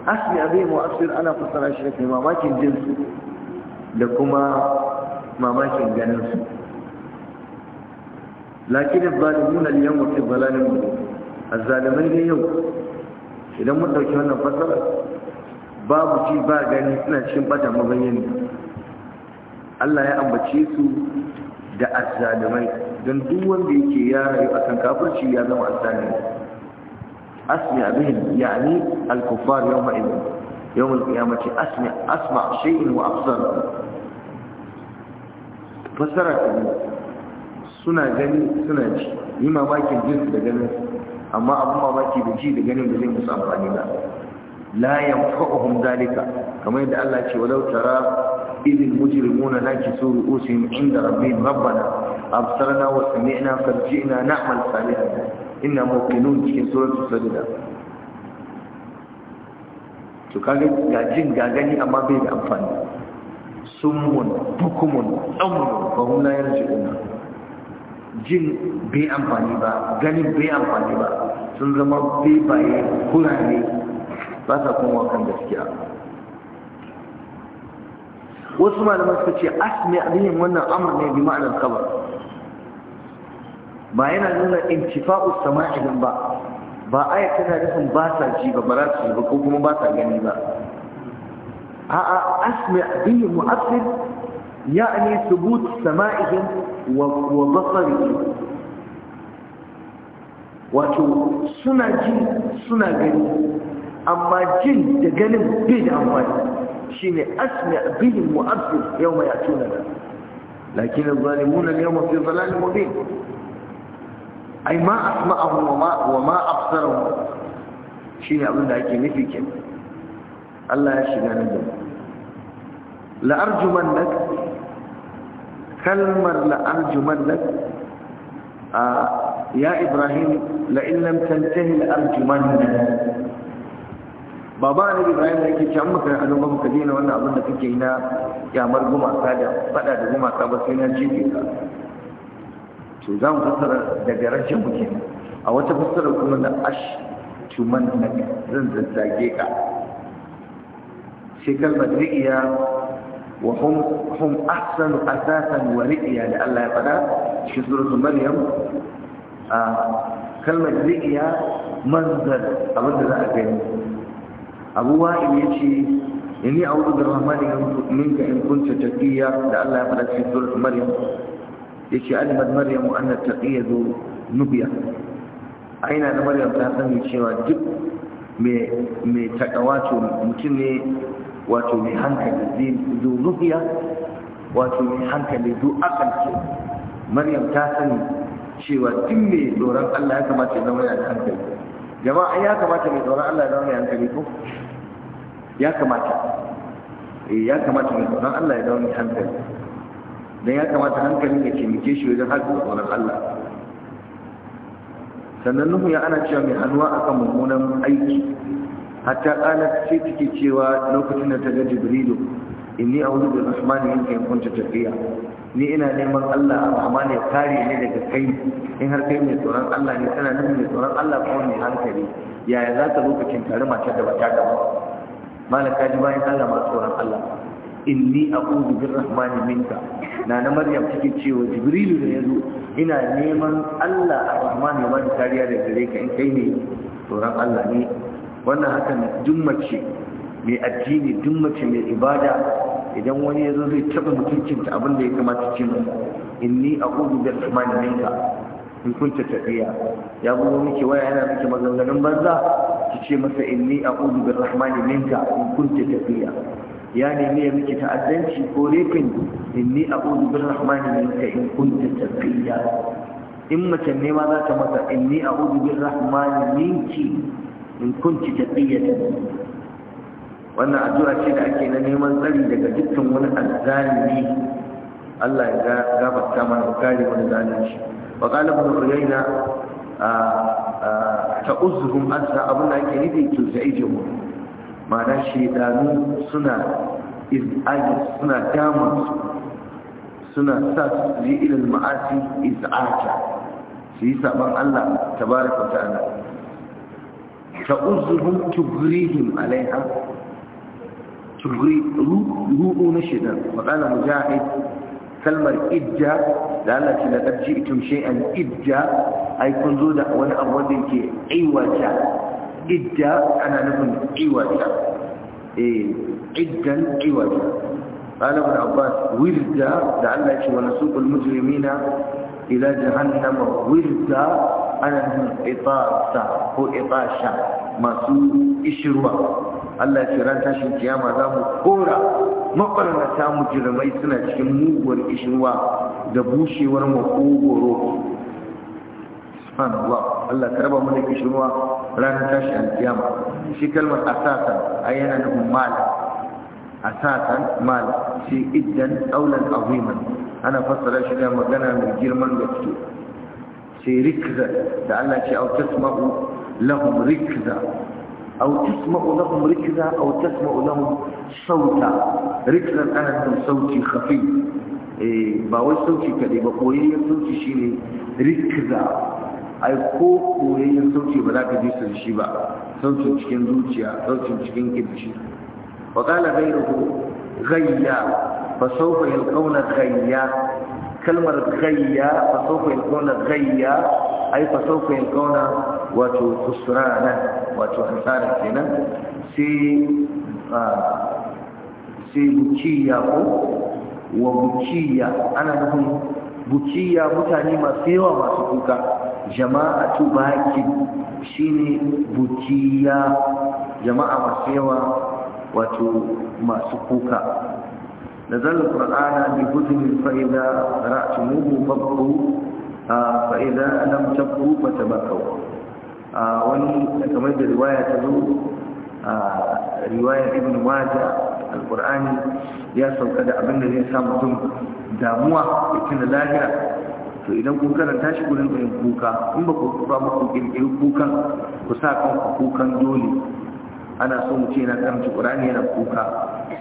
asli abin mu asir ana fassara shi da mamakin jinsu da kuma mamakin ganin su lakin zalimuna liyan wata zalalin mu azzalimai ne yau idan mun dauki wannan fassara babu ci ba gani suna cikin bata mabayyani Allah ya ambace su da azzalumai don duk wanda yake ya rayu kan kafirci ya zama azzalumi asmi abihim yani al-kuffar yawma idin yawm al-qiyamati asmi asma shay'in wa absar fasara suna gani suna ji yi mamakin jin da ganin amma abun mamaki da ji da ganin da zai musu amfani ba la yanfa'uhum zalika kamar yadda Allah ya ce walau tara إذ المجرمون ناكسوا رؤوسهم عند ربهم ربنا أبصرنا وسمعنا قد جئنا نعمل صالحا إنا موقنون في سورة السجدة to kaga ga jin ga gani amma bai da amfani summun bukumun tsammun fahim na yarji una jin bai amfani ba ganin bai amfani ba sun zama bai baye kurare ba ta kuma kan gaskiya wasu malamai suka ce asmi abin wannan Amur ne bi ma'anar kabar ba yana nuna intifa'u sama'ilin ba ba aya tana nufin ba sa ji ba ba su ba ko kuma ba sa gani ba A a asmi bihi mu'assir ya'ni thubut sama'ihim wa wa basarihim wato suna ji suna gani amma jin da ganin bai da amfani شيني أسمع بهم وأبصر يوم يأتوننا لكن الظالمون اليوم في ضلال مبين أي ما أسمعهم وما, وما أبصرهم شيني أقول لك نفي كم الله يشهد عن الجنة لأرجمنك كلمة لأرجمنك آه يا إبراهيم لئن لم تنتهي لأرجمنك baba ne ibrahim da yake cewa maka a nan ka daina wannan abin da kake yi na kyamar gumaka da fada da gumaka ba sai na jefe ka to za mu fassara daga rashin muke a wata fassara kuma na ash tuman na zan zazzage ka sai kalmar ri'iya wa hum ahsanu asasan wa ri'iya da Allah ya fada shi suratul maryam a kalmar ri'iya manzar abin da za a gani abu wa'il ya ce inni a wudu da rahmani minka in kunta taqiya da Allah ya faɗa cikin surat maryam ya ce alimat maryam na taqiya zo nubiya ina da maryam ta sani cewa duk mai taƙa wato mutum ne wato mai hankali zo nubiya wato mai hankali zo akalci maryam ta sani cewa duk mai tsoron Allah ya kamata ya zama yana da hankali jama'a ya kamata mu tsoron Allah ya zama mai hankali ko ya kamata eh, ya kamata mu tsoron Allah ya zama mai hankali don ya kamata hankalin ya muke shi wajen haɗin tsoron Allah sannan nuhu ya ana cewa mai hannuwa akan mummunan aiki hatta ƙalar sai take cewa lokacin da ta ga jibrilu inni a wani da rahmani yankin kunta tafiya ni ina neman Allah rahman ya kare ni daga kai in har kai mai tsoron Allah ne tana nufin mai tsoron Allah ko mai hankali yaya za ka lokacin tare mace da bata ba malaka ji bayan Allah masu tsoron Allah inni a'udhu birrahmani minka na maryam take cewa jibrilu da yazo ina neman Allah arrahman ya bani kariya daga gare ka in kai ne tsoron Allah ne wannan hakan dummace mai addini dummace mai ibada idan wani ya zo zai taɓa mutuncinta abin da ya kamata ce masa inni a kudu da minka in kunta tafiya ya bugo miki waya yana miki maganganun banza ki ce masa inni a kudu da minka in kunta tafiya ya nemi ya miki ta'addanci ko rafin inni a kudu da minka in kunta tafiya in mace ne ma za ta masa inni a kudu da rahman minki in kunti tafiya wannan addu'a ce da ake na neman tsari daga dukkan wani azzalimi Allah ya gafarta mana kare wani zalunci wa qala ibn uyayna ta'uzzuhum ansa abin da ake nufi to zaijuhu ma'ana shedanu suna iz'aji suna damun suna sa su yi ilil ma'asi iz'aja su yi saban Allah tabaraka ta'ala ta'uzzuhum tugrihim alaiha kibri ruɗu na shaitan maƙala mujahid kalmar ijja da Allah ce laqad ji'tum shay'an ijja ai kun zo da wani abu wanda ke aiwata ijja ana nufin aiwata eh ijjan aiwata قال ابن عباس وردا لعل ايش ونسوق المجرمين الى جهنم وردا انا من اطاسه ko اطاشه ما masu اشروا Allah ce ran tashin kiyama za mu kora mabarnata mujirmai suna cikin muguwar kishirwa da bushewar makogoro subhanallah Allah ka raba mana kishirwa ranar tashin alkiyama shi kalmar asasan a yana nufin mala asasan mala shi iddan daulan aziman ana fassara shi da magana mai girman gaske sai rikza da Allah ce au tasma'u lahum rikza أو تسمع لهم ركزا أو تسمع لهم صوتا ركزا أنا من صوتي خفي باوي صوتي كده بقوية صوتي شيني ركزا ai ko koyayyen sauci ba za ka ji su shi ba saucin cikin zuciya saucin cikin kirji wa qala ghayruhu ghayya fa sawfa yalqawna ghayya kalmar gayya fa sawfa yakuna gayya ai fa sawfa yakuna wato khusrana wato hasara kenan sai ah, sai bukiya ko wa bukiya ana nufin bukiya mutane masu yawa masu kuka jama'atu baki shine bukiya jama'a masu yawa wato masu kuka نزل القرآن بهدن فإذا قرأتموه فابقوا فإذا لم تبقوا فتبقوا wani kamar da riwaya ta zo a riwayar ibn waja alkur'ani ya sauka da abin da zai sa mutum damuwa cikin da lahira to idan kun karanta shi gurin ɗayan kuka in ba ku kuka ba ku ƙirƙiri kukan ku sa kanku kukan dole ana so mu ce yana karanci qur'ani yana kuka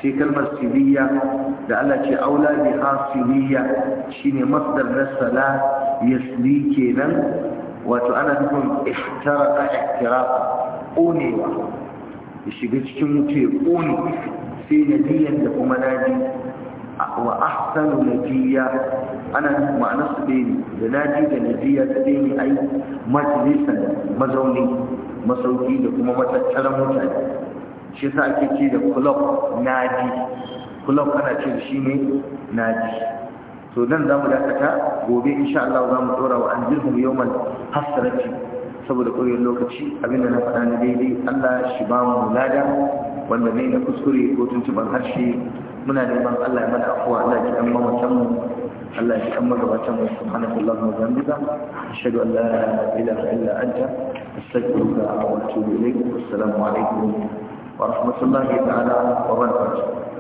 sai kalmar siriya da Allah ce aula bi hasiliya shine masdar na sala yasli kenan wato ana nufin ihtaraqa ihtiraqa ƙonewa ya shiga cikin wuce ƙone sai nadiyan da kuma naji wa ahsanu nadiya ana ma'anar su da nadi da nadiya da dai ai majalisan mazauni masauki da kuma matattaran mutane shi sa ake ce da kulob naji kulob ana ce shi ne naji to nan za mu dakata gobe insha Allah za mu ɗora wa an zirhum yawmal hasrati saboda ƙuriyar lokaci abinda na faɗa na daidai Allah shi ba mu lada wanda ne na kuskure ko tuntuɓar harshe muna neman Allah ya mana afuwa Allah ya ji an mamatan mu Allah ya kan magabatan wa subhanahu wa ta'ala zambika ashhadu an la ilaha illa anta astaghfiruka wa atubu ilayk assalamu alaikum wa rahmatullahi ta'ala wa barakatuh